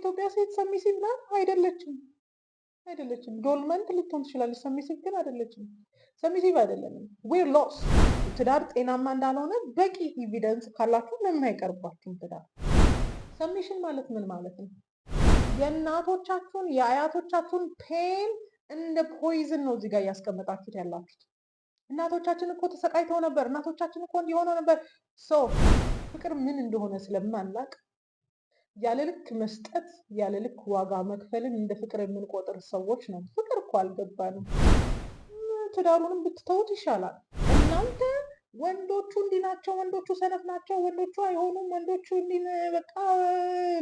ኢትዮጵያ ሴት ሰሚሲቭ ናት? አይደለችም፣ አይደለችም። ዶልመንት ልትሆን ትችላለች፣ ሰሚሲቭ ግን አይደለችም። ሰሚሲቭ አይደለንም። ዌር ሎስ ትዳር ጤናማ እንዳልሆነ በቂ ኢቪደንስ ካላችሁ ለምን አይቀርባችሁም? ትዳር ሰሚሽን ማለት ምን ማለት ነው? የእናቶቻችሁን የአያቶቻችሁን ፔን እንደ ፖይዝን ነው እዚጋ እያስቀመጣችሁት ያላችሁት። እናቶቻችን እኮ ተሰቃይተው ነበር። እናቶቻችን እኮ እንዲሆነው ነበር። ሶ ፍቅር ምን እንደሆነ ስለማናቅ ያለ ልክ መስጠት ያለ ልክ ዋጋ መክፈልን እንደ ፍቅር የምንቆጥር ሰዎች ነው። ፍቅር እኮ አልገባንም። ትዳሩንም ብትተውት ይሻላል። እናንተ ወንዶቹ እንዲህ ናቸው፣ ወንዶቹ ሰነፍ ናቸው፣ ወንዶቹ አይሆኑም፣ ወንዶቹ እንዲህ በቃ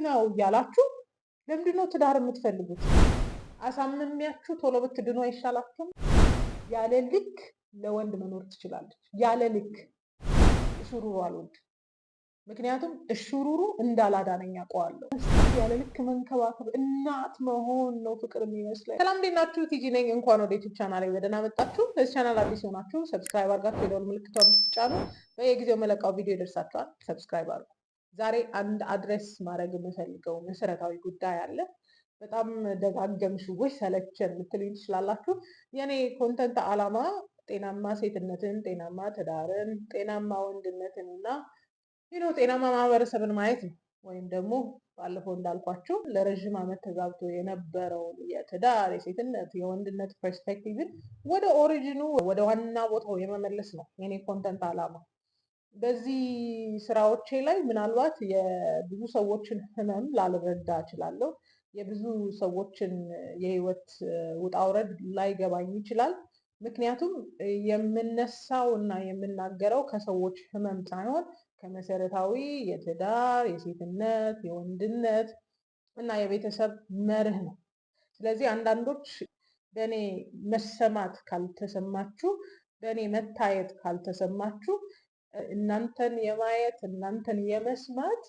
ነው እያላችሁ ለምንድነው ትዳር የምትፈልጉት? አሳምሚያችሁ ቶሎ ብትድኖ አይሻላችሁም? ያለ ልክ ለወንድ መኖር ትችላለች። ያለ ልክ ሹሩሩ አልወድ ምክንያቱም እሹሩሩ እንዳላዳነኝ አውቀዋለሁ። ያለ ልክ መንከባከብ እናት መሆን ነው ፍቅር የሚመስለኝ። ሰላም እንዴት ናችሁ? ቲጂ ነኝ። እንኳን ወደ ዩቱብ ቻናል ላይ በደህና መጣችሁ። ለዚህ ቻናል አዲስ የሆናችሁ ሰብስክራይብ አድርጋችሁ የደወል ምልክቷ ብትጫኑ በየጊዜው መለቃው ቪዲዮ ይደርሳችኋል። ሰብስክራይብ አድርጉ። ዛሬ አንድ አድረስ ማድረግ የምፈልገው መሰረታዊ ጉዳይ አለ። በጣም ደጋገምሽ ወይ ሰለቸን የምትሉኝ ትችላላችሁ። የኔ ኮንተንት አላማ ጤናማ ሴትነትን፣ ጤናማ ትዳርን፣ ጤናማ ወንድነትን እና ሌላው ጤናማ ማህበረሰብን ማየት ነው። ወይም ደግሞ ባለፈው እንዳልኳቸው ለረዥም ዓመት ተዛብቶ የነበረውን የትዳር የሴትነት የወንድነት ፐርስፔክቲቭን ወደ ኦሪጂኑ ወደ ዋና ቦታው የመመለስ ነው የኔ ኮንተንት ዓላማ። በዚህ ስራዎቼ ላይ ምናልባት የብዙ ሰዎችን ህመም ላልረዳ እችላለሁ። የብዙ ሰዎችን የህይወት ውጣውረድ ላይገባኝ ይችላል። ምክንያቱም የምነሳው እና የምናገረው ከሰዎች ህመም ሳይሆን ከመሰረታዊ የትዳር፣ የሴትነት፣ የወንድነት እና የቤተሰብ መርህ ነው። ስለዚህ አንዳንዶች በእኔ መሰማት ካልተሰማችሁ፣ በእኔ መታየት ካልተሰማችሁ፣ እናንተን የማየት እናንተን የመስማት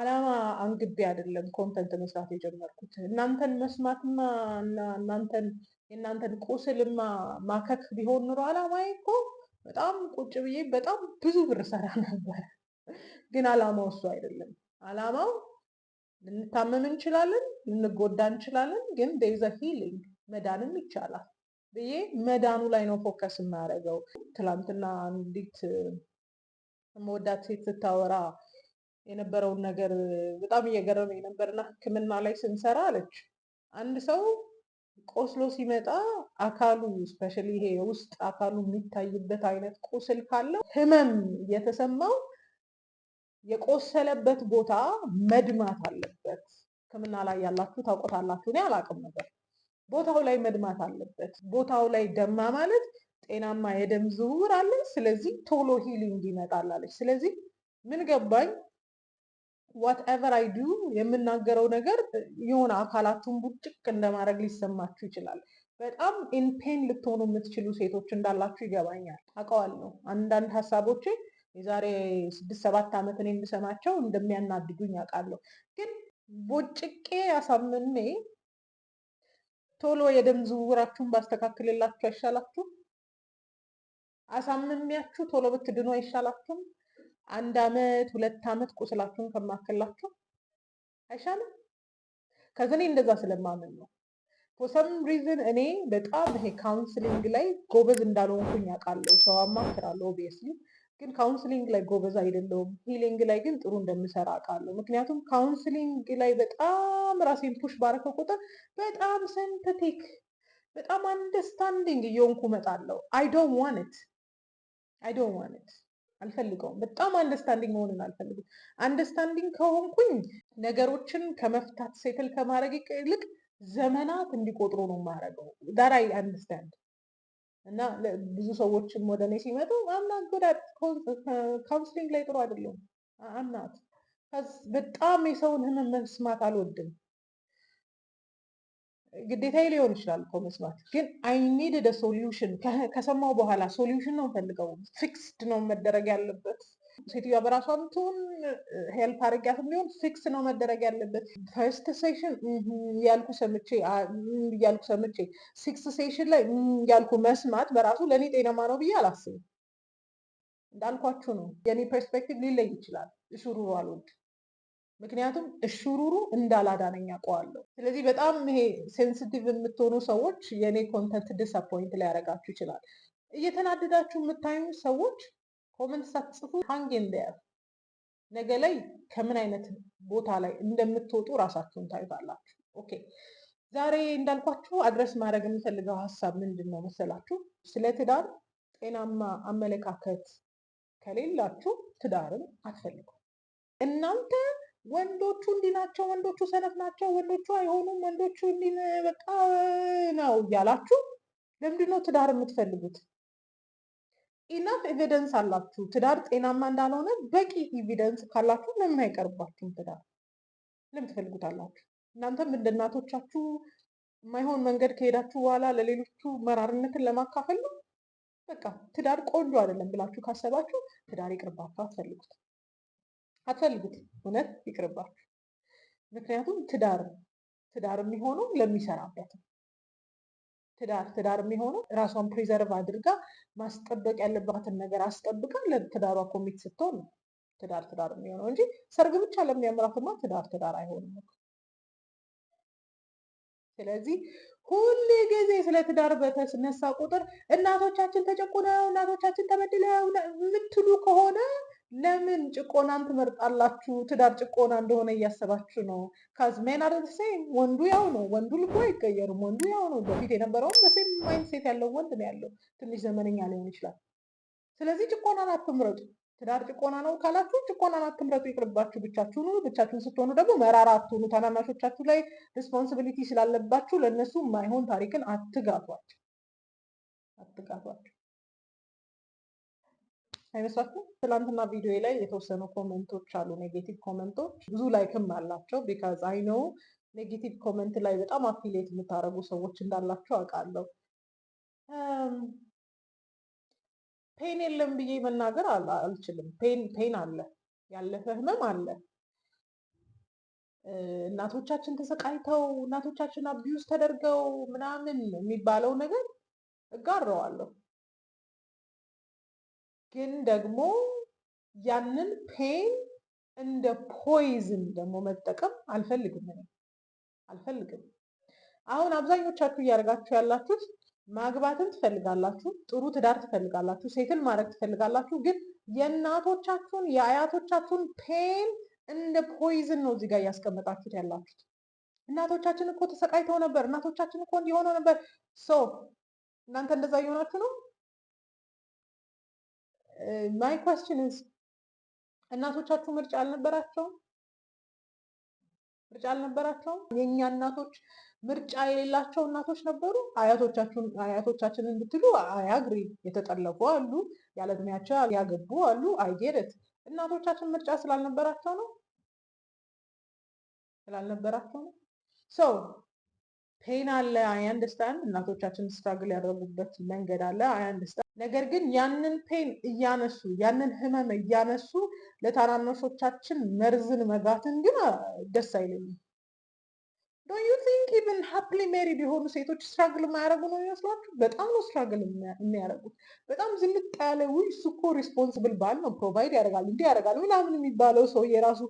አላማ አንግቤ አይደለም ኮንተንት መስራት የጀመርኩት። እናንተን መስማትማ እና እናንተን የእናንተን ቁስልማ ማከክ ቢሆን ኑሮ አላማ እኮ በጣም ቁጭ ብዬ በጣም ብዙ ብር ሰራ ነበር። ግን አላማው እሱ አይደለም። አላማው ልንታመም እንችላለን፣ ልንጎዳ እንችላለን። ግን ዴይዘ ሂሊንግ መዳንም ይቻላል ብዬ መዳኑ ላይ ነው ፎከስ የማያደርገው። ትላንትና አንዲት መወዳት ሴት ስታወራ የነበረውን ነገር በጣም እየገረመ የነበርና ሕክምና ላይ ስንሰራ አለች አንድ ሰው ቆስሎ ሲመጣ አካሉ ስፔሻሊ ይሄ የውስጥ አካሉ የሚታይበት አይነት ቁስል ካለው ህመም እየተሰማው የቆሰለበት ቦታ መድማት አለበት። ሕክምና ላይ ያላችሁ ታውቆታላችሁ። እኔ አላቅም ነበር። ቦታው ላይ መድማት አለበት። ቦታው ላይ ደማ ማለት ጤናማ የደም ዝውውር አለ። ስለዚህ ቶሎ ሂሊንግ ይመጣል አለች። ስለዚህ ምን ገባኝ ዋትኤቨር አይ ዱ የምናገረው ነገር የሆነ አካላቱን ቡጭቅ እንደማድረግ ሊሰማችሁ ይችላል። በጣም ኢንፔን ልትሆኑ የምትችሉ ሴቶች እንዳላችሁ ይገባኛል፣ አውቀዋለሁ። አንዳንድ ሀሳቦቼ የዛሬ ስድስት ሰባት ዓመት ነው የምሰማቸው እንደሚያናድዱኝ አውቃለሁ። ግን ቦጭቄ አሳምኔ ቶሎ የደም ዝውውራችሁን ባስተካክልላችሁ አይሻላችሁ? አሳምሚያችሁ ቶሎ ብትድኑ አይሻላችሁም? አንድ አመት ሁለት አመት ቁስላችሁን ከማከላችሁ አይሻልም? ከዚ እኔ እንደዛ ስለማምን ነው። ፎሰም ሪዝን እኔ በጣም ይሄ ካውንስሊንግ ላይ ጎበዝ እንዳልሆንኩኝ አውቃለሁ። ሰው አማክራለሁ ኦብየስሊ ግን ካውንስሊንግ ላይ ጎበዝ አይደለውም። ሂሊንግ ላይ ግን ጥሩ እንደምሰራ አውቃለሁ። ምክንያቱም ካውንስሊንግ ላይ በጣም ራሴን ፑሽ ባረከው ቁጥር በጣም ሰንተቴክ በጣም አንደርስታንዲንግ እየሆንኩ እመጣለሁ። አይ ዶንት ዋንት አይ ዶንት ዋንት አልፈልገውም። በጣም አንደርስታንዲንግ መሆንን አልፈልግም። አንደርስታንዲንግ ከሆንኩኝ ነገሮችን ከመፍታት ሴትል ከማድረግ ይልቅ ዘመናት እንዲቆጥሩ ነው የማደርገው ዳራይ አንደርስታንድ እና ብዙ ሰዎችም ወደ እኔ ሲመጡ አምና ጉዳት ካውንስሊንግ ላይ ጥሩ አይደለም። አምናት በጣም የሰውን ህመም መስማት አልወድም። ግዴታዬ ሊሆን ይችላል እኮ መስማት፣ ግን አይኒድ ሶሉሽን ከሰማው በኋላ ሶሉሽን ነው ፈልገው ፊክስድ ነው መደረግ ያለበት ሴትዮዋ በራሷም ትሁን ሄልፕ አድርጊያት ቢሆን ፊክስ ነው መደረግ ያለበት። ፈርስት ሴሽን ያልኩ ሰምቼ እያልኩ ሰምቼ ሲክስ ሴሽን ላይ ያልኩ መስማት በራሱ ለእኔ ጤናማ ነው ብዬ አላስብም። እንዳልኳችሁ ነው የእኔ ፐርስፔክቲቭ ሊለይ ይችላል። እሹሩሩ አልወድ ምክንያቱም እሹሩሩ እንዳላዳነኝ አውቀዋለሁ። ስለዚህ በጣም ይሄ ሴንስቲቭ የምትሆኑ ሰዎች የእኔ ኮንተንት ዲስአፖይንት ሊያደርጋችሁ ይችላል። እየተናደዳችሁ የምታዩ ሰዎች ኮመንት ሳትጽፉ ሃንግ እንደር ነገ ላይ ከምን አይነት ቦታ ላይ እንደምትወጡ ራሳችሁን ታዩታላችሁ። ኦኬ ዛሬ እንዳልኳችሁ አድረስ ማድረግ የምፈልገው ሀሳብ ምንድን ነው መሰላችሁ? ስለ ትዳር ጤናማ አመለካከት ከሌላችሁ ትዳርን አትፈልጉ። እናንተ ወንዶቹ እንዲህ ናቸው፣ ወንዶቹ ሰነፍ ናቸው፣ ወንዶቹ አይሆኑም፣ ወንዶቹ እንዲህ በቃ ነው እያላችሁ ለምንድን ነው ትዳር የምትፈልጉት? ኢናፍ ኤቪደንስ አላችሁ ትዳር ጤናማ እንዳልሆነ በቂ ኤቪደንስ ካላችሁ ለምን አይቀርባችሁም? ትዳር ለምን ትፈልጉታላችሁ? እናንተም እንደ እናቶቻችሁ የማይሆን መንገድ ከሄዳችሁ በኋላ ለሌሎቹ መራርነትን ለማካፈል ነው። በቃ ትዳር ቆንጆ አይደለም ብላችሁ ካሰባችሁ ትዳር ይቅርባችሁ፣ አትፈልጉት፣ አትፈልጉት፣ እውነት ይቅርባችሁ። ምክንያቱም ትዳር ትዳር የሚሆነው ለሚሰራበት ነው። ትዳር ትዳር የሚሆነው ራሷን ፕሪዘርቭ አድርጋ ማስጠበቅ ያለባትን ነገር አስጠብቃ ለትዳሯ ኮሚት ስትሆን ትዳር ትዳር የሚሆነው እንጂ ሰርግ ብቻ ለሚያምራትማ ትዳር ትዳር አይሆንም። ስለዚህ ሁል ጊዜ ስለ ትዳር በተነሳ ቁጥር እናቶቻችን ተጨቁነው እናቶቻችን ተበድለው የምትሉ ከሆነ ለምን ጭቆናን ትመርጣላችሁ? ትዳር ጭቆና እንደሆነ እያሰባችሁ ነው። ካዝ ሜን አር ዘ ሴም፣ ወንዱ ያው ነው። ወንዱ ልቡ አይቀየርም። ወንዱ ያው ነው። በፊት የነበረውን በሴም ማይንድ ያለው ወንድ ነው ያለው። ትንሽ ዘመነኛ ሊሆን ይችላል። ስለዚህ ጭቆናን አትምረጡ። ትዳር ጭቆና ነው ካላችሁ ጭቆናን አትምረጡ፣ ይቅርባችሁ። ብቻችሁን ሁኑ። ብቻችሁን ስትሆኑ ደግሞ መራራ አትሆኑ። ታናናሾቻችሁ ላይ ሪስፖንሲቢሊቲ ስላለባችሁ ለእነሱ ማይሆን ታሪክን አትጋቷቸው፣ አትጋቷቸው። አይመስላችሁም? ትላንትና ቪዲዮ ላይ የተወሰኑ ኮመንቶች አሉ፣ ኔጌቲቭ ኮመንቶች ብዙ ላይክም አላቸው። ቢካዝ አይ ነው ኔጌቲቭ ኮመንት ላይ በጣም አፊሌት የምታደርጉ ሰዎች እንዳላቸው አውቃለሁ። ፔን የለም ብዬ መናገር አልችልም። ፔን አለ፣ ያለፈ ህመም አለ። እናቶቻችን ተሰቃይተው እናቶቻችን አቢዩዝ ተደርገው ምናምን የሚባለው ነገር እጋረዋለሁ። ግን ደግሞ ያንን ፔን እንደ ፖይዝን ደግሞ መጠቀም አልፈልግም አልፈልግም። አሁን አብዛኞቻችሁ እያደረጋችሁ ያላችሁት ማግባትን ትፈልጋላችሁ፣ ጥሩ ትዳር ትፈልጋላችሁ፣ ሴትን ማድረግ ትፈልጋላችሁ። ግን የእናቶቻችሁን የአያቶቻችሁን ፔን እንደ ፖይዝን ነው እዚህ ጋር እያስቀመጣችሁት ያላችሁት። እናቶቻችን እኮ ተሰቃይተው ነበር፣ እናቶቻችን እኮ እንዲሆነው ነበር። ሶ እናንተ እንደዛ እየሆናችሁ ነው። ማይ ኳስችን ዝ እናቶቻችሁ ምርጫ አልነበራቸውም? ምርጫ አልነበራቸውም? የእኛ እናቶች ምርጫ የሌላቸው እናቶች ነበሩ። አያቶቻችሁን አያቶቻችንን ብትሉ አያግሪ የተጠለፉ አሉ፣ ያለእድሜያቸው ያገቡ አሉ። አይጌደት እናቶቻችን ምርጫ ስላልነበራቸው ነው ስላልነበራቸው ነው ሰው ፔን አለ አይ አንደርስታንድ እናቶቻችን ስትራግል ያደረጉበት መንገድ አለ አይ አንደርስታንድ ነገር ግን ያንን ፔን እያነሱ ያንን ህመም እያነሱ ለታናናሾቻችን መርዝን መጋትን ግን ደስ አይለኝም ዶን ዩ ቲንክ ኢቨን ሀፕሊ ሜሪድ የሆኑ ሴቶች ስትራግል የማያደረጉ ነው ይመስላችሁ በጣም ነው ስትራግል የሚያደርጉት በጣም ዝንጥ ያለ ውይ እሱ እኮ ሪስፖንስብል ባል ነው ፕሮቫይድ ያደርጋል እንዲህ ያደርጋል ምናምን የሚባለው ሰው የራሱ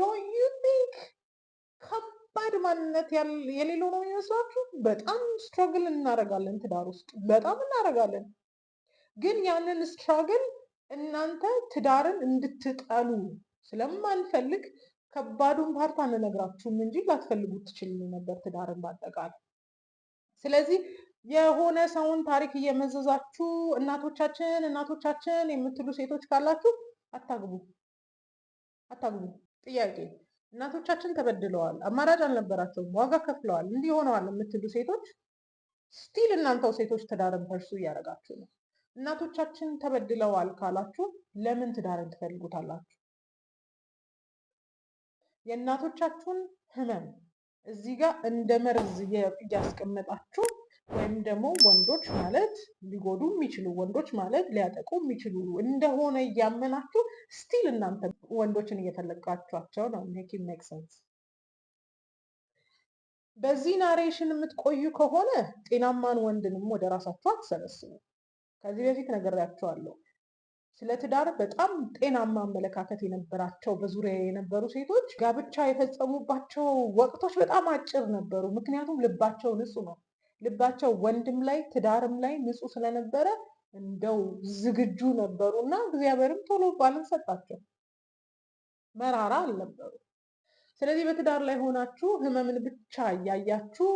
ዶን ዩ ቲንክ ባድ ማንነት የሌለው ነው የሚመስላችሁ? በጣም ስትራግል እናደርጋለን ትዳር ውስጥ በጣም እናደርጋለን። ግን ያንን ስትራግል እናንተ ትዳርን እንድትጠሉ ስለማንፈልግ ከባዱን ፓርት አንነግራችሁም እንጂ ላትፈልጉት ትችሉ ነበር ትዳርን ባጠቃላይ። ስለዚህ የሆነ ሰውን ታሪክ እየመዘዛችሁ እናቶቻችን እናቶቻችን የምትሉ ሴቶች ካላችሁ አታግቡ፣ አታግቡ ጥያቄ እናቶቻችን ተበድለዋል፣ አማራጭ አልነበራቸውም፣ ዋጋ ከፍለዋል፣ እንዲህ ሆነዋል የምትሉ ሴቶች ስቲል እናንተው ሴቶች ትዳርን ፐርሱ እያደረጋችሁ ነው። እናቶቻችን ተበድለዋል ካላችሁ ለምን ትዳርን ትፈልጉታላችሁ? የእናቶቻችሁን ህመም እዚህ ጋር እንደ መርዝ እያስቀመጣችሁ ወይም ደግሞ ወንዶች ማለት ሊጎዱ የሚችሉ ወንዶች ማለት ሊያጠቁ የሚችሉ እንደሆነ እያመናችሁ ስቲል እናንተ ወንዶችን እየተለቃችኋቸው ነው። ሜክ ሜክ ሰንስ። በዚህ ናሬሽን የምትቆዩ ከሆነ ጤናማን ወንድንም ወደ ራሳችሁ አትሰበስቡ። ከዚህ በፊት ነግሬያቸዋለሁ። ስለ ትዳር በጣም ጤናማ አመለካከት የነበራቸው በዙሪያ የነበሩ ሴቶች ጋብቻ የፈጸሙባቸው ወቅቶች በጣም አጭር ነበሩ። ምክንያቱም ልባቸው ንጹህ ነው። ልባቸው ወንድም ላይ ትዳርም ላይ ንጹህ ስለነበረ እንደው ዝግጁ ነበሩ እና እግዚአብሔርም ቶሎ ባልን ሰጣቸው። መራራ አልነበሩ። ስለዚህ በትዳር ላይ ሆናችሁ ህመምን ብቻ እያያችሁ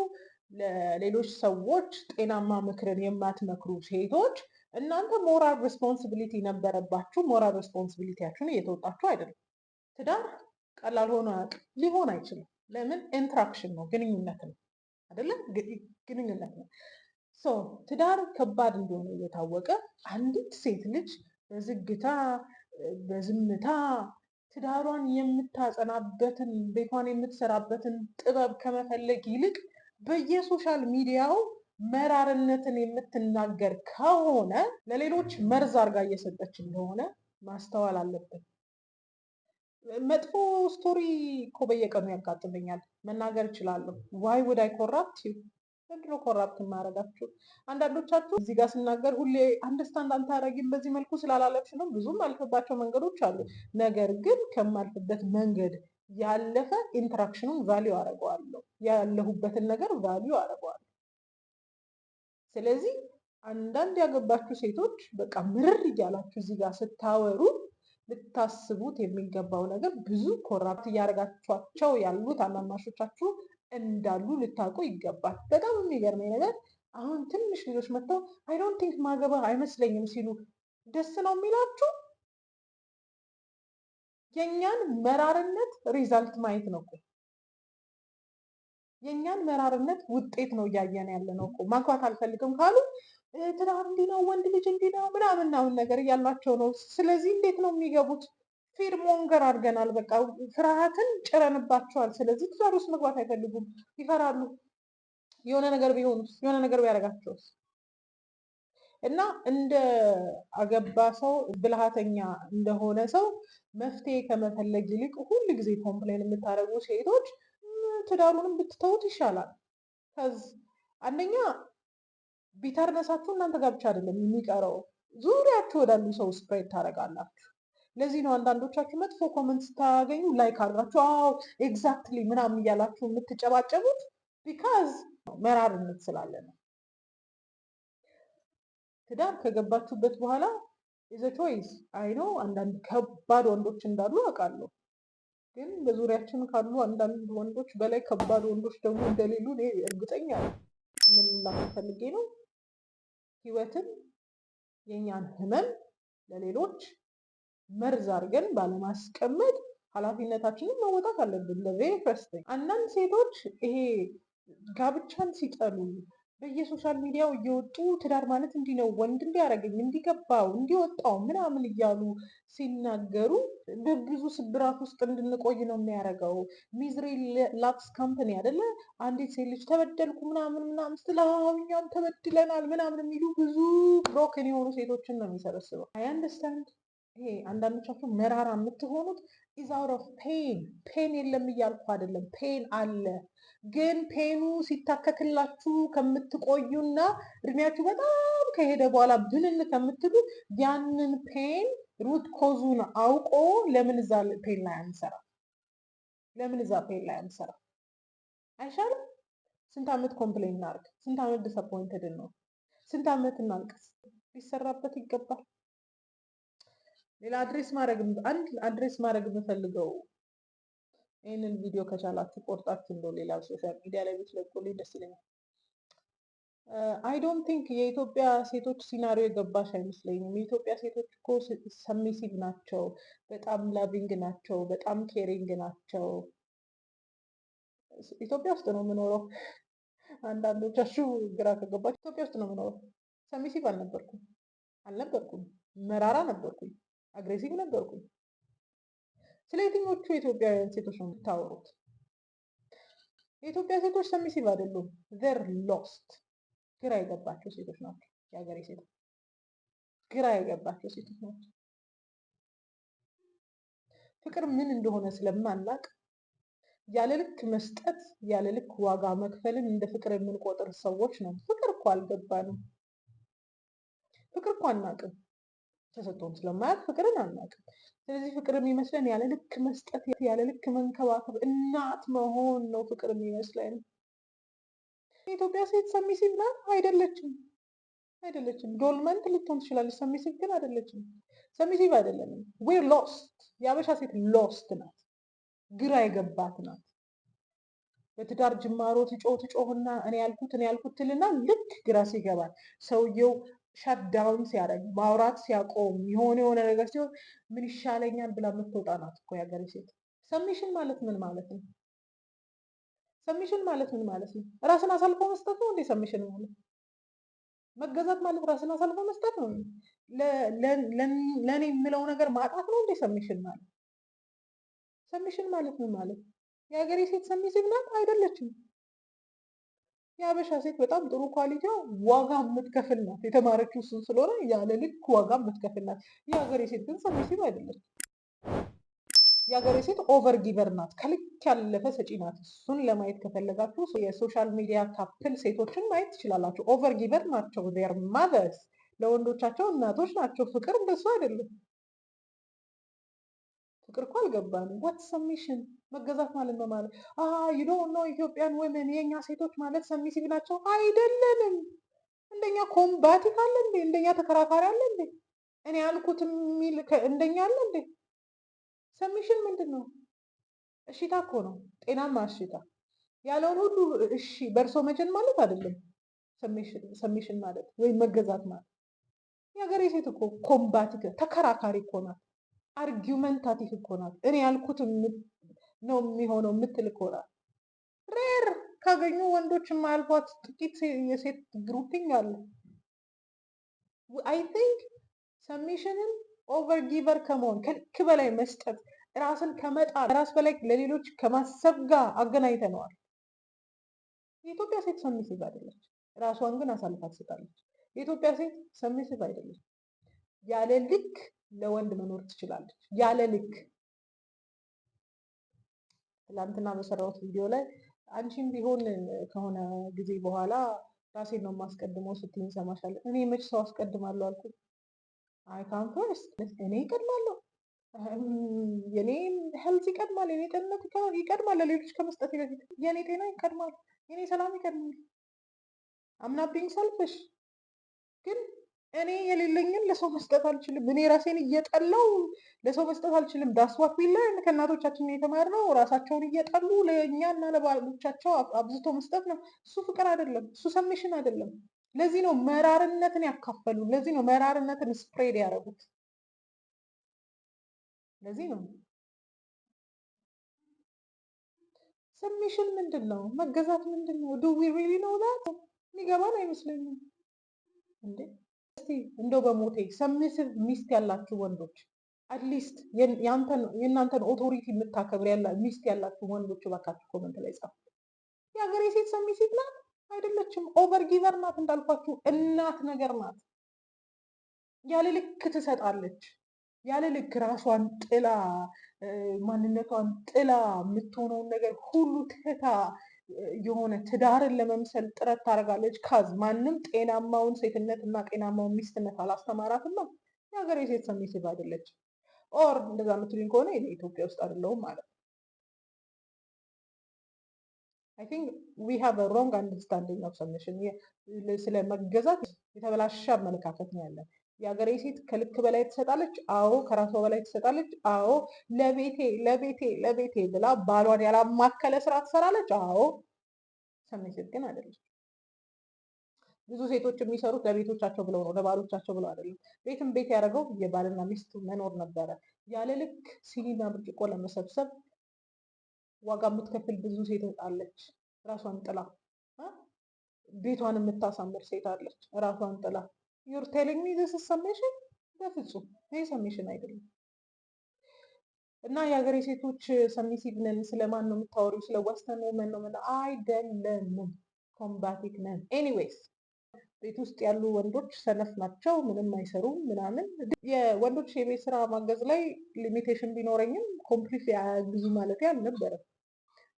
ለሌሎች ሰዎች ጤናማ ምክርን የማትመክሩ ሴቶች እናንተ ሞራል ሬስፖንሲቢሊቲ ነበረባችሁ። ሞራል ሬስፖንሲቢሊቲያችሁን እየተወጣችሁ አይደለም። ትዳር ቀላል ሆኖ ሊሆን አይችልም። ለምን? ኢንትራክሽን ነው፣ ግንኙነት ነው አይደለም ግንኙነት ነው። ትዳር ከባድ እንደሆነ እየታወቀ አንዲት ሴት ልጅ በዝግታ በዝምታ ትዳሯን የምታጸናበትን ቤቷን የምትሰራበትን ጥበብ ከመፈለግ ይልቅ በየሶሻል ሚዲያው መራርነትን የምትናገር ከሆነ ለሌሎች መርዝ አርጋ እየሰጠች እንደሆነ ማስተዋል አለብን። መጥፎ ስቶሪ እኮ በየቀኑ ያጋጥመኛል። መናገር እችላለሁ። ዋይ ወዳይ ኮራፕት ዘንድሮ ኮራፕት ማረጋችሁ አንዳንዶቻችሁ እዚህ ጋር ስናገር ሁሌ አንደርስታንድ አንታረጊም በዚህ መልኩ ስላላለፍሽ ነው። ብዙም አልፈባቸው መንገዶች አሉ። ነገር ግን ከማልፍበት መንገድ ያለፈ ኢንተራክሽኑን ቫሊዩ አደርገዋለሁ፣ ያለሁበትን ነገር ቫሊዩ አደርገዋለሁ። ስለዚህ አንዳንድ ያገባችሁ ሴቶች በቃ ምርር እያላችሁ እዚህ ጋር ስታወሩ ልታስቡት የሚገባው ነገር ብዙ ኮራፕት እያደረጋችኋቸው ያሉት አናናሾቻችሁ እንዳሉ ልታውቁ ይገባል። በጣም የሚገርመኝ ነገር አሁን ትንሽ ልጆች መጥተው አይ ዶንት ቲንክ ማገባ አይመስለኝም ሲሉ ደስ ነው የሚላችሁ። የእኛን መራርነት ሪዛልት ማየት ነው እኮ የእኛን መራርነት ውጤት ነው እያየን ያለ ነው እኮ። ማግባት አልፈልግም ካሉ ትዳር እንዲህ ነው፣ ወንድ ልጅ እንዲህ ነው ምናምን ነገር እያላቸው ነው። ስለዚህ እንዴት ነው የሚገቡት? ፌርሞንገር አድርገናል። በቃ ፍርሃትን ጭረንባቸዋል። ስለዚህ ትዳር ውስጥ መግባት አይፈልጉም፣ ይፈራሉ። የሆነ ነገር ቢሆኑስ? የሆነ ነገር ቢያደርጋቸውስ? እና እንደ አገባ ሰው ብልሃተኛ እንደሆነ ሰው መፍትሄ ከመፈለግ ይልቅ ሁል ጊዜ ኮምፕሌን የምታደርጉ ሴቶች ትዳሩንም ብትተውት ይሻላል። አንደኛ ቢተርነሳችሁ እናንተ ጋር ብቻ አይደለም የሚቀረው ዙሪያችሁ ወዳሉ ሰው ስፕሬድ ታደርጋላችሁ። ለዚህ ነው አንዳንዶቻችሁ መጥፎ ኮመንት ስታገኙ ላይክ አድርጋችሁ አዎ ኤግዛክትሊ ምናምን እያላችሁ የምትጨባጨቡት ቢካዝ መራርነት ስላለ ነው። ትዳር ከገባችሁበት በኋላ ኢዘ ቾይስ አይኖ አንዳንድ ከባድ ወንዶች እንዳሉ አውቃለሁ። ግን በዙሪያችን ካሉ አንዳንድ ወንዶች በላይ ከባድ ወንዶች ደግሞ እንደሌሉ እርግጠኛ ነው። ፈልጌ ነው ህይወትን የእኛን ህመም ለሌሎች መርዝ አድርገን ባለማስቀመጥ ኃላፊነታችንን መወጣት አለብን። ለቬሪ ፈርስት አንዳንድ ሴቶች ይሄ ጋብቻን ሲጠሉ በየሶሻል ሚዲያው እየወጡ ትዳር ማለት እንዲህ ነው፣ ወንድ እንዲያደርገኝ እንዲገባው፣ እንዲወጣው ምናምን እያሉ ሲናገሩ በብዙ ስብራት ውስጥ እንድንቆይ ነው የሚያደርገው። ሚዝሪ ላክስ ካምፕኒ አደለ? አንዲት ሴት ልጅ ተበደልኩ ምናምን ምናምን ስትል እኛም ተበድለናል ምናምን የሚሉ ብዙ ብሮክን የሆኑ ሴቶችን ነው የሚሰበስበው። አይ አንደርስታንድ ይሄ አንዳንዶቻችሁ መራራ የምትሆኑት ኢዝ አውት ኦፍ ፔን ፔን የለም እያልኩ አይደለም። ፔን አለ፣ ግን ፔኑ ሲታከክላችሁ ከምትቆዩና እድሜያችሁ በጣም ከሄደ በኋላ ብንን ከምትሉ ያንን ፔን ሩት ኮዙን አውቆ ለምን እዛ ፔን ላይ አንሰራ? ለምን እዛ ፔን ላይ አንሰራ? አይሻልም? ስንት ዓመት ኮምፕሌን እናርግ? ስንት ዓመት ዲስአፖይንትድ ነው? ስንት ዓመት እናልቀስ? ሊሰራበት ይገባል። ሌላ አድሬስ ማድረግ አንድ አድሬስ ማድረግ የምፈልገው ይህንን ቪዲዮ ከቻላችሁ ቆርጣችሁ እንደው ሌላ ሶሻል ሚዲያ ላይ ብትለቁልኝ ደስ ይለኛል። አይ ዶንት ቲንክ የኢትዮጵያ ሴቶች ሲናሪዮ የገባሽ አይመስለኝም። የኢትዮጵያ ሴቶች እኮ ሰሚሲቭ ናቸው፣ በጣም ላቪንግ ናቸው፣ በጣም ኬሪንግ ናቸው። ኢትዮጵያ ውስጥ ነው የምኖረው። አንዳንዶቻችሁ ግራ ከገባችሁ ኢትዮጵያ ውስጥ ነው የምኖረው። ሰሚሲቭ አልነበርኩም አልነበርኩም፣ መራራ ነበርኩኝ። አግሬሲቭ ነበርኩኝ። ስለ የትኞቹ የኢትዮጵያውያን ሴቶች ነው የምታወሩት? የኢትዮጵያ ሴቶች ሰሚሲቭ አይደሉም። ዘር ሎስት ግራ የገባቸው ሴቶች ናቸው። የሀገሬ ሴቶች ግራ የገባቸው ሴቶች ናቸው። ፍቅር ምን እንደሆነ ስለማናቅ ያለ ልክ መስጠት፣ ያለ ልክ ዋጋ መክፈልን እንደ ፍቅር የምንቆጥር ሰዎች ነው። ፍቅር እኮ አልገባንም። ፍቅር እኮ አናቅም። ተሰጥቶን ስለማያውቅ ፍቅርን አናውቅም። ስለዚህ ፍቅር የሚመስለን ያለ ልክ መስጠት፣ ያለ ልክ መንከባከብ፣ እናት መሆን ነው ፍቅር የሚመስለን። የኢትዮጵያ ሴት ሰሚሲቭ ናት? አይደለችም፣ አይደለችም። ዶልመንት ልትሆን ትችላለች፣ ሰሚሲቭ ግን አይደለችም። ሰሚሲቭ አይደለንም። ዌር ሎስት። የአበሻ ሴት ሎስት ናት፣ ግራ የገባት ናት። በትዳር ጅማሮ ትጮ ትጮህና እኔ ያልኩት እኔ ያልኩት ትልና ልክ ግራ ሲገባል ሰውየው ሸዳውን ሲያደርግ ማውራት ሲያቆም የሆነ የሆነ ነገር ሲሆን ምን ይሻለኛል ብላ የምትወጣ ናት እኮ ያገሬ ሴት። ሰሚሽን ማለት ምን ማለት ነው? ሰሚሽን ማለት ምን ማለት ነው? ራስን አሳልፎ መስጠት ነው እንዴ? ሰሚሽን ማለት መገዛት ማለት ራስን አሳልፎ መስጠት ነው? ለእኔ የምለው ነገር ማጣት ነው እንዴ? ሰሚሽን ማለት ሰሚሽን ማለት ምን ማለት ነው? የሀገሬ ሴት ሰሚሲቭ ናት አይደለችም? የአበሻ ሴት በጣም ጥሩ ኳሊቲው ዋጋ የምትከፍል ናት። የተማረችው እሱን ስለሆነ ያለ ልክ ዋጋ የምትከፍል ናት። የሀገሬ ሴት ግን ሰብሲብ አይደለም። የሀገሬ ሴት ኦቨር ጊቨር ናት፣ ከልክ ያለፈ ሰጪ ናት። እሱን ለማየት ከፈለጋችሁ የሶሻል ሚዲያ ካፕል ሴቶችን ማየት ትችላላችሁ። ኦቨር ጊቨር ናቸው። ዜር ማዘርስ ለወንዶቻቸው እናቶች ናቸው። ፍቅር እንደሱ አይደለም። ፍቅር እኮ አልገባንም። ዋት ሰሚሽን መገዛት ማለት ነው ማለት ይዶ ነው። ኢትዮጵያን ወመን የእኛ ሴቶች ማለት ሰሚሲቭ ናቸው አይደለንም። እንደኛ ኮምባቲክ አለ እንዴ? እንደኛ ተከራካሪ አለ እንዴ? እኔ ያልኩት የሚል እንደኛ አለ እንዴ? ሰሚሽን ምንድን ነው? እሽታ እኮ ነው፣ ጤናማ እሽታ። ያለውን ሁሉ እሺ በእርሶ መጀን ማለት አይደለም ሰሚሽን ማለት ወይም መገዛት ማለት። የሀገሬ ሴት እኮ ኮምባቲክ ተከራካሪ እኮ ናት፣ አርጊመንታቲቭ እኮ ናት። እኔ ያልኩት ነው የሚሆነው የምትል ከሆነ ሬር ካገኙ ወንዶች የማያልፏት ጥቂት የሴት ግሩፒንግ አለ። አይ ቲንክ ሰሚሽንን ኦቨር ጊቨር ከመሆን ከልክ በላይ መስጠት ራስን ከመጣል ራስ በላይ ለሌሎች ከማሰብ ጋር አገናኝተነዋል። የኢትዮጵያ ሴት ሰሚሲቭ አይደለች፣ ራሷን ግን አሳልፋ ትሰጣለች። የኢትዮጵያ ሴት ሰሚሲቭ አይደለች። ያለ ልክ ለወንድ መኖር ትችላለች። ያለ ልክ ትላንትና በሰራሁት ቪዲዮ ላይ አንቺም ቢሆን ከሆነ ጊዜ በኋላ ራሴን ነው የማስቀድመው ስትይኝ እሰማሻለሁ። እኔ መች ሰው አስቀድማለሁ አልኩ። አይ ካም ፈርስት እኔ ይቀድማለሁ፣ የኔ ሄልዝ ይቀድማል፣ የኔ ጤንነት ይቀድማል፣ ለሌሎች ከመስጠት በፊት የኔ ጤና ይቀድማል፣ የኔ ሰላም ይቀድማል። አምናብኝ ሰልፍሽ ግን እኔ የሌለኝን ለሰው መስጠት አልችልም። እኔ ራሴን እየጠላው ለሰው መስጠት አልችልም። ዳስዋት ቢላ ከእናቶቻችን የተማርነው ራሳቸውን እየጠሉ ለእኛና ለባሎቻቸው አብዝቶ መስጠት ነው። እሱ ፍቅር አይደለም፣ እሱ ሰሚሽን አይደለም። ለዚህ ነው መራርነትን ያካፈሉ፣ ለዚህ ነው መራርነትን ስፕሬድ ያደረጉት። ለዚህ ነው ሰሚሽን ምንድን ነው? መገዛት ምንድን ነው? ዱ ዊ ሪሊ ነው ዛት የሚገባን አይመስለኝም እንዴ እንደው በሞቴ ሰሚስብ ሚስት ያላችሁ ወንዶች አትሊስት የእናንተን ኦቶሪቲ የምታከብር ሚስት ያላችሁ ወንዶች እባካችሁ ኮመንት ላይ ጻፉ። የሀገሬ ሴት ሰሚሲቭ ናት አይደለችም? ኦቨር ጊቨር ናት። እንዳልኳችሁ እናት ነገር ናት። ያለ ልክ ትሰጣለች። ያለ ልክ ራሷን ጥላ ማንነቷን ጥላ የምትሆነውን ነገር ሁሉ ትታ የሆነ ትዳርን ለመምሰል ጥረት ታደርጋለች። ካዝ ማንም ጤናማውን ሴትነት እና ጤናማውን ሚስትነት አላስተማራትም። የሀገር የሴት ሰሚሲቭ አይደለች። ኦር እንደዛ ምትሉኝ ከሆነ ኢትዮጵያ ውስጥ አይደለሁም ማለት ነው። ን ዊ ሃቭ ሮንግ አንደርስታንዲንግ ኦፍ ሰብሚሽን። ስለ መገዛት የተበላሸ አመለካከት ነው ያለን። የአገሬ ሴት ከልክ በላይ ትሰጣለች። አዎ፣ ከራሷ በላይ ትሰጣለች። አዎ፣ ለቤቴ ለቤቴ ለቤቴ ብላ ባሏን ያላማከለ ስራ ትሰራለች። አዎ፣ ሰሚት ግን አይደለች። ብዙ ሴቶች የሚሰሩት ለቤቶቻቸው ብለው ነው፣ ለባሎቻቸው ብለው አይደለም። ቤትም ቤት ያደረገው የባልና ሚስት መኖር ነበረ። ያለ ልክ ሲኒና ብርጭቆ ለመሰብሰብ ዋጋ የምትከፍል ብዙ ሴት አለች። ራሷን ጥላ ቤቷን የምታሳምር ሴት አለች። ራሷን ጥላ ዩር ቴሊንግ ሚ ዚስ ሰሜሽን? በፍጹም ይህ ሰሜሽን አይደለም። እና የሀገሬ ሴቶች ሰሚሲቭ ነን፣ ስለማን ነው የምታወሪው? ስለ ዋስተን ውመን ነው? አይደለም፣ ኮምባቲክ ነን። ኤኒዌይስ ቤት ውስጥ ያሉ ወንዶች ሰነፍ ናቸው፣ ምንም አይሰሩም ምናምን። የወንዶች የቤት ስራ ማገዝ ላይ ሊሚቴሽን ቢኖረኝም ኮምፕሊት ብዙ ማለት አልነበረም።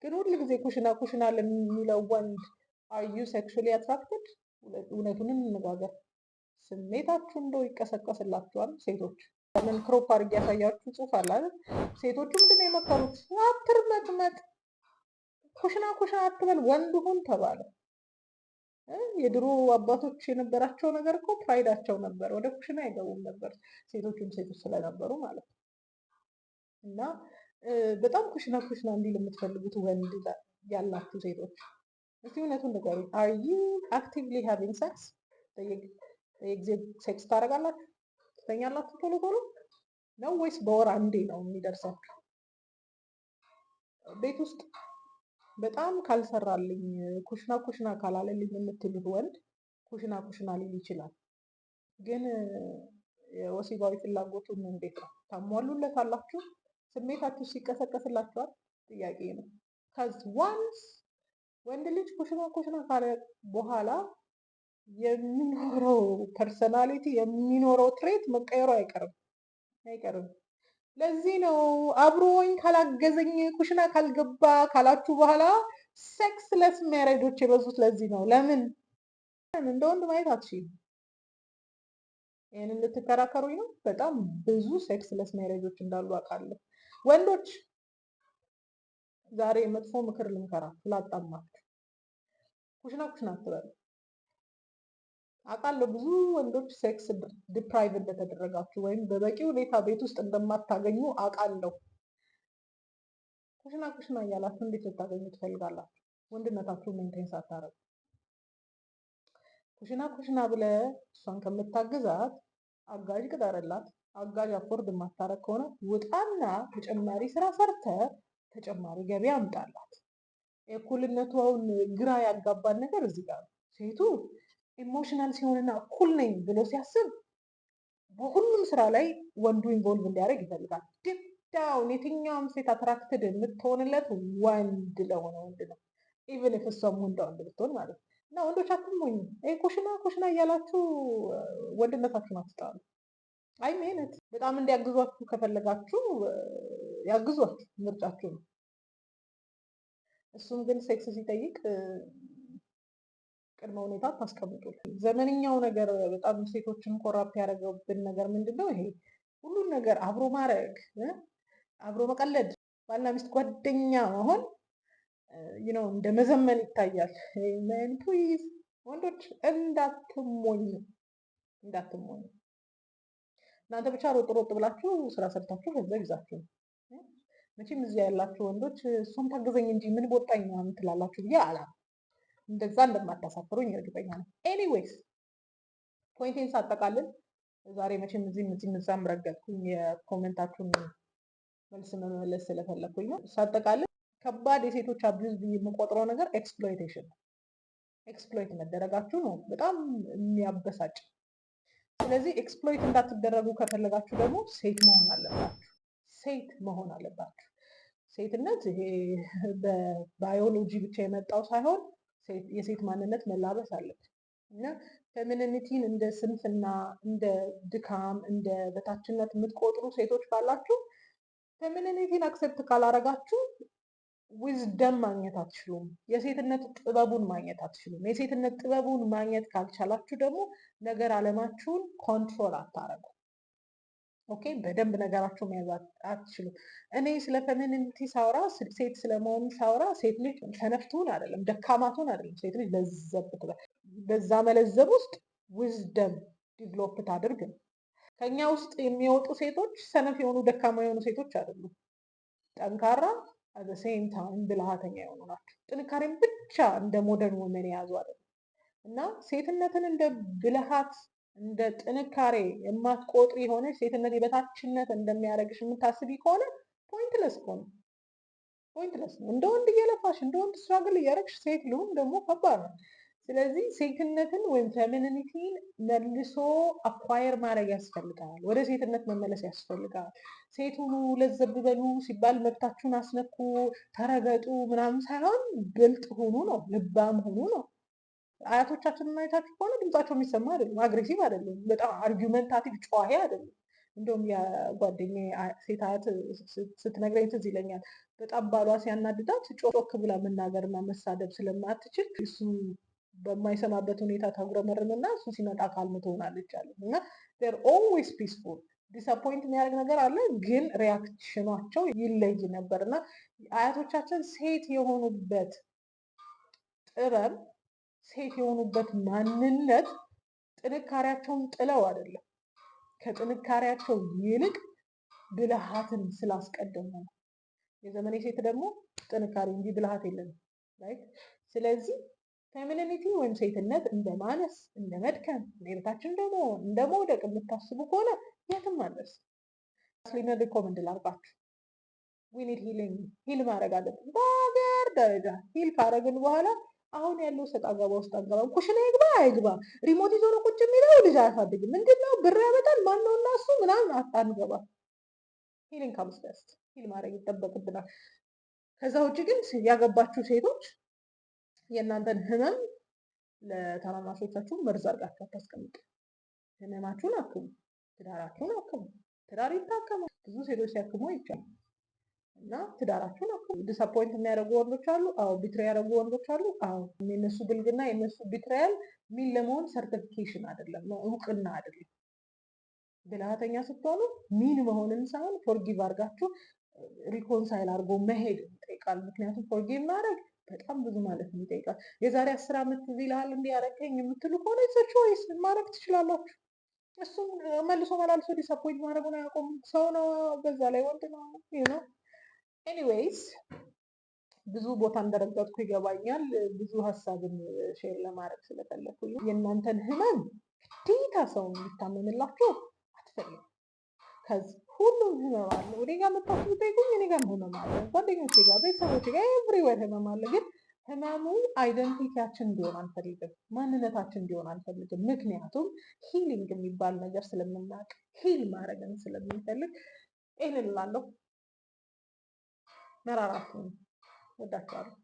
ግን ሁል ጊዜ ኩሽና ኩሽና ለሚለው ወንድ አር ዩ ሴክሹዋሊ አትራክትድ? እውነቱን እንነጋገር። ስሜታችሁ እንደው ይቀሰቀስላችኋል። ሴቶች ምን ክሮፕ አድርጌ ያሳያችሁ ጽሁፍ አለ አይደል? ሴቶቹ ምንድን ነው የመከሩት? አትርመጥመጥ፣ ኩሽና ኩሽና አትበል፣ ወንድ ሁን ተባለ። የድሮ አባቶች የነበራቸው ነገር እኮ ፕራይዳቸው ነበር። ወደ ኩሽና አይገቡም ነበር፣ ሴቶቹም ሴቶች ስለነበሩ ማለት ነው። እና በጣም ኩሽና ኩሽና እንዲል የምትፈልጉት ወንድ ያላችሁ ሴቶች እስቲ እውነቱን ንገሩኝ። አር ዩ አክቲቭሊ ሃቪንግ ሰክስ? ሴክስ ታደርጋላችሁ? ትተኛላችሁ? ቶሎ ቶሎ ነው ወይስ በወር አንዴ ነው የሚደርሳችሁ? ቤት ውስጥ በጣም ካልሰራልኝ ኩሽና ኩሽና ካላለልኝ የምትሉት ወንድ ኩሽና ኩሽና ሊል ይችላል። ግን የወሲባዊ ፍላጎቱን እንዴት ነው ታሟሉለት አላችሁ? ስሜታችሁ ሲቀሰቀስላችኋል? ጥያቄ ነው። ከዚ ዋንስ ወንድ ልጅ ኩሽና ኩሽና ካለ በኋላ የሚኖረው ፐርሰናሊቲ የሚኖረው ትሬት መቀየሩ አይቀርም አይቀርም። ለዚህ ነው አብሮኝ ካላገዘኝ ኩሽና ካልገባ ካላችሁ በኋላ ሴክስ ለስ ሜሬጆች የበዙት። ለዚህ ነው ለምን እንደ ወንድ ማየት አትችይም። ይህንን ልትከራከሩኝ ነው። በጣም ብዙ ሴክስ ለስ ሜሬጆች እንዳሉ አውቃለሁ። ወንዶች ዛሬ መጥፎ ምክር ልንከራ ስላጣማት ኩሽና ኩሽና አትበሉ። አውቃለሁ ብዙ ወንዶች ሴክስ ዲፕራይቭ እንደተደረጋችሁ ወይም በበቂ ሁኔታ ቤት ውስጥ እንደማታገኙ አውቃለሁ። ኩሽና ኩሽና እያላችሁ እንዴት ልታገኙ ትፈልጋላችሁ? ወንድነታችሁ ሜንቴን ሳታረጉ ኩሽና ኩሽና ብለ እሷን ከምታግዛት አጋዥ ቅጠርላት። አጋዥ አፎርድ የማታረግ ከሆነ ውጣና ተጨማሪ ስራ ሰርተ ተጨማሪ ገቢ አምጣላት። የእኩልነቱ አሁን ግራ ያጋባን ነገር እዚህ ጋር ነው። ሴቱ ኢሞሽናል ሲሆንና እኩል ነኝ ብሎ ሲያስብ በሁሉም ስራ ላይ ወንዱ ኢንቮልቭ እንዲያደርግ ይፈልጋል። ግዳውን የትኛውም ሴት አትራክትድ የምትሆንለት ወንድ ለሆነ ወንድ ነው። ኢቨን የፍሷም ወንድ ወንድ ብትሆን ማለት ነው። እና ወንዶች አትሞኙ። ይህ ኩሽና ኩሽና እያላችሁ ወንድነታችሁን አትጣሉ። አይ ሜነት በጣም እንዲያግዟችሁ ከፈለጋችሁ ያግዟችሁ፣ ምርጫችሁ ነው። እሱም ግን ሴክስ ሲጠይቅ ቅድመ ሁኔታ ታስቀምጡል ዘመንኛው ነገር በጣም ሴቶችን ኮራፕት ያደረገብን ነገር ምንድን ነው? ይሄ ሁሉን ነገር አብሮ ማድረግ፣ አብሮ መቀለድ፣ ባልና ሚስት ጓደኛ መሆን ነው እንደ መዘመን ይታያል። ሜን ፕሊዝ ወንዶች እንዳትሞኝ እንዳትሞኝ። እናንተ ብቻ ሮጥ ሮጥ ብላችሁ ስራ ሰርታችሁ ገንዘብ ይዛችሁ መቼም እዚያ ያላችሁ ወንዶች እሷም ታገዘኝ እንጂ ምን ቦጣኝ ምናምን ትላላችሁ ብዬ አላ እንደዛ እንደማታሳፍሩኝ እርግጠኛ ነው። ኤኒዌይስ ፖይንቴን ሳጠቃልል ዛሬ መቼም እዚህም እዚህም እዛም ረገጥኩኝ የኮሜንታችሁን መልስ መመለስ ስለፈለግኩኝ ነው። ሳጠቃልል ከባድ የሴቶች አቢዩዝ ብዬ የምቆጥረው ነገር ኤክስፕሎይቴሽን ነው። ኤክስፕሎይት መደረጋችሁ ነው በጣም የሚያበሳጭ። ስለዚህ ኤክስፕሎይት እንዳትደረጉ ከፈለጋችሁ ደግሞ ሴት መሆን አለባችሁ። ሴት መሆን አለባችሁ። ሴትነት ይሄ በባዮሎጂ ብቻ የመጣው ሳይሆን የሴት ማንነት መላበስ አለች እና ፌሚኒቲን እንደ ስንፍና፣ እንደ ድካም፣ እንደ በታችነት የምትቆጥሩ ሴቶች ካላችሁ ፌሚኒቲን አክሰፕት ካላረጋችሁ ዊዝደም ማግኘት አትችሉም። የሴትነት ጥበቡን ማግኘት አትችሉም። የሴትነት ጥበቡን ማግኘት ካልቻላችሁ ደግሞ ነገር አለማችሁን ኮንትሮል አታረጉ። ኦኬ በደንብ ነገራቸው መያዝ አትችሉም። እኔ ስለ ፌሚኒቲ ሳውራ ሴት ስለመሆኑ ሳውራ ሴት ልጅ ሰነፍትሁን አይደለም ደካማትሁን አይደለም። ሴት ልጅ ለዘብ በዛ መለዘብ ውስጥ ዊዝደም ዲቨሎፕ ታድርግ ነው። ከኛ ውስጥ የሚወጡ ሴቶች ሰነፍ የሆኑ ደካማ የሆኑ ሴቶች አይደሉም። ጠንካራ ሴም ታይም ብልሃተኛ የሆኑ ናቸው። ጥንካሬም ብቻ እንደ ሞደርን ወመን የያዙ አይደለም። እና ሴትነትን እንደ ብልሃት እንደ ጥንካሬ የማትቆጥሪ የሆነች ሴትነት የበታችነት እንደሚያደርግሽ የምታስቢ ከሆነ ፖይንትለስ እኮ ነው። ፖይንትለስ ነው። እንደ ወንድ እየለፋሽ እንደ ወንድ ስትራግል እያደረግሽ ሴት ልሁን ደግሞ ከባድ ነው። ስለዚህ ሴትነትን ወይም ፌሚኒቲን መልሶ አኳየር ማድረግ ያስፈልጋል። ወደ ሴትነት መመለስ ያስፈልጋል። ሴት ሁኑ፣ ለዘብ በሉ ሲባል መብታችሁን አስነኩ፣ ተረገጡ ምናምን ሳይሆን ብልጥ ሁኑ ነው፣ ልባም ሁኑ ነው። አያቶቻችን ማየታችሁ ከሆነ ድምጻቸው የሚሰማ አይደለም፣ አግሬሲቭ አይደለም፣ በጣም አርጊመንታቲቭ ጨዋሄ አይደለም። እንደውም የጓደኛ ሴት አያት ስትነግረኝ ትዝ ይለኛል። በጣም ባሏ ሲያናድዳት ጮክ ብላ መናገርና መሳደብ ስለማትችል እሱ በማይሰማበት ሁኔታ ታጉረመርምና እሱ ሲመጣ ካልም ትሆናለች አለ እና ር ኦልዌይስ ፒስፉል ዲስአፖይንት የሚያደርግ ነገር አለ፣ ግን ሪያክሽናቸው ይለይ ነበር እና አያቶቻችን ሴት የሆኑበት ጥበብ ሴት የሆኑበት ማንነት ጥንካሬያቸውን ጥለው አይደለም። ከጥንካሬያቸው ይልቅ ብልሃትን ስላስቀደሙ ነው። የዘመኔ ሴት ደግሞ ጥንካሬ እንጂ ብልሃት የለንም። ስለዚህ ፌሚኒኒቲ ወይም ሴትነት እንደ ማነስ፣ እንደ መድከም፣ እንደ ቤታችን ደግሞ እንደ መውደቅ የምታስቡ ከሆነ የትም አለስ ስሊነር ሪኮመንድ ላርጋችሁ ዊኒድ ሂሊንግ ሂል ማድረግ አለብን። በሀገር ደረጃ ሂል ካረግን በኋላ አሁን ያለው ሰጥ አገባ ውስጥ አንገባም። ኩሽና ይግባ አይግባ ሪሞት ይዞ ነው ቁጭ የሚለው ልጅ ምንድን ምንድነው ብር ያመጣል ነው እና እሱ ምናምን አንገባ ሂልን ካምስበስት ሂል ማድረግ ይጠበቅብናል። ከዛ ውጭ ግን ያገባችሁ ሴቶች የእናንተን ህመም ለታናናሾቻችሁ መርዝ አድርጋችሁ አታስቀምጡ። ህመማችሁን አክሙ፣ ትዳራችሁን አክሙ። ትዳር ይታከማል። ብዙ ሴቶች ሲያክሙ ይቻላል። እና ትዳራችሁን አፉ ዲስአፖይንት የሚያደርጉ ወንዶች አሉ። አዎ ቢትራ ያደረጉ ወንዶች አሉ። አዎ የነሱ ብልግና የነሱ ቢትራያል ሚን ለመሆን ሰርቲፊኬሽን አይደለም ነው እውቅና አይደለም። ብልሃተኛ ስትሆኑ ሚን መሆንን ሳይሆን ፎርጊቭ አድርጋችሁ ሪኮንሳይል አድርጎ መሄድ ይጠይቃል። ምክንያቱም ፎርጊቭ ማድረግ በጣም ብዙ ማለት ይጠይቃል። የዛሬ አስር ዓመት እዚህ ላህል እንዲያረገኝ የምትሉ ከሆነ ቾይስ ማድረግ ትችላላችሁ። እሱም መልሶ መላልሶ ዲስአፖይንት ማድረጉን አያቆምም። ሰው ነው፣ በዛ ላይ ወንድ ነው ነው ኤኒዌይስ ብዙ ቦታ እንደረገጥኩ ይገባኛል። ብዙ ሀሳብን ሼር ለማድረግ ስለፈለኩ የእናንተን ህመም ግዴታ ሰው የሚታመምላችሁ አትፈልጉም። ከዚ ሁሉም ህመም አለ። ወደ ጋ መጣሁ ብጠይቁኝ እኔ ጋም ህመም አለ፣ ጓደኞች ጋ፣ ቤተሰቦች ጋ፣ ኤቭሪዌር ህመም አለ። ግን ህመሙ አይደንቲቲያችን እንዲሆን አንፈልግም፣ ማንነታችን እንዲሆን አንፈልግም። ምክንያቱም ሂሊንግ የሚባል ነገር ስለምናውቅ ሂል ማድረግን ስለምንፈልግ ይህንን እላለሁ። مراراتهم وتذكروا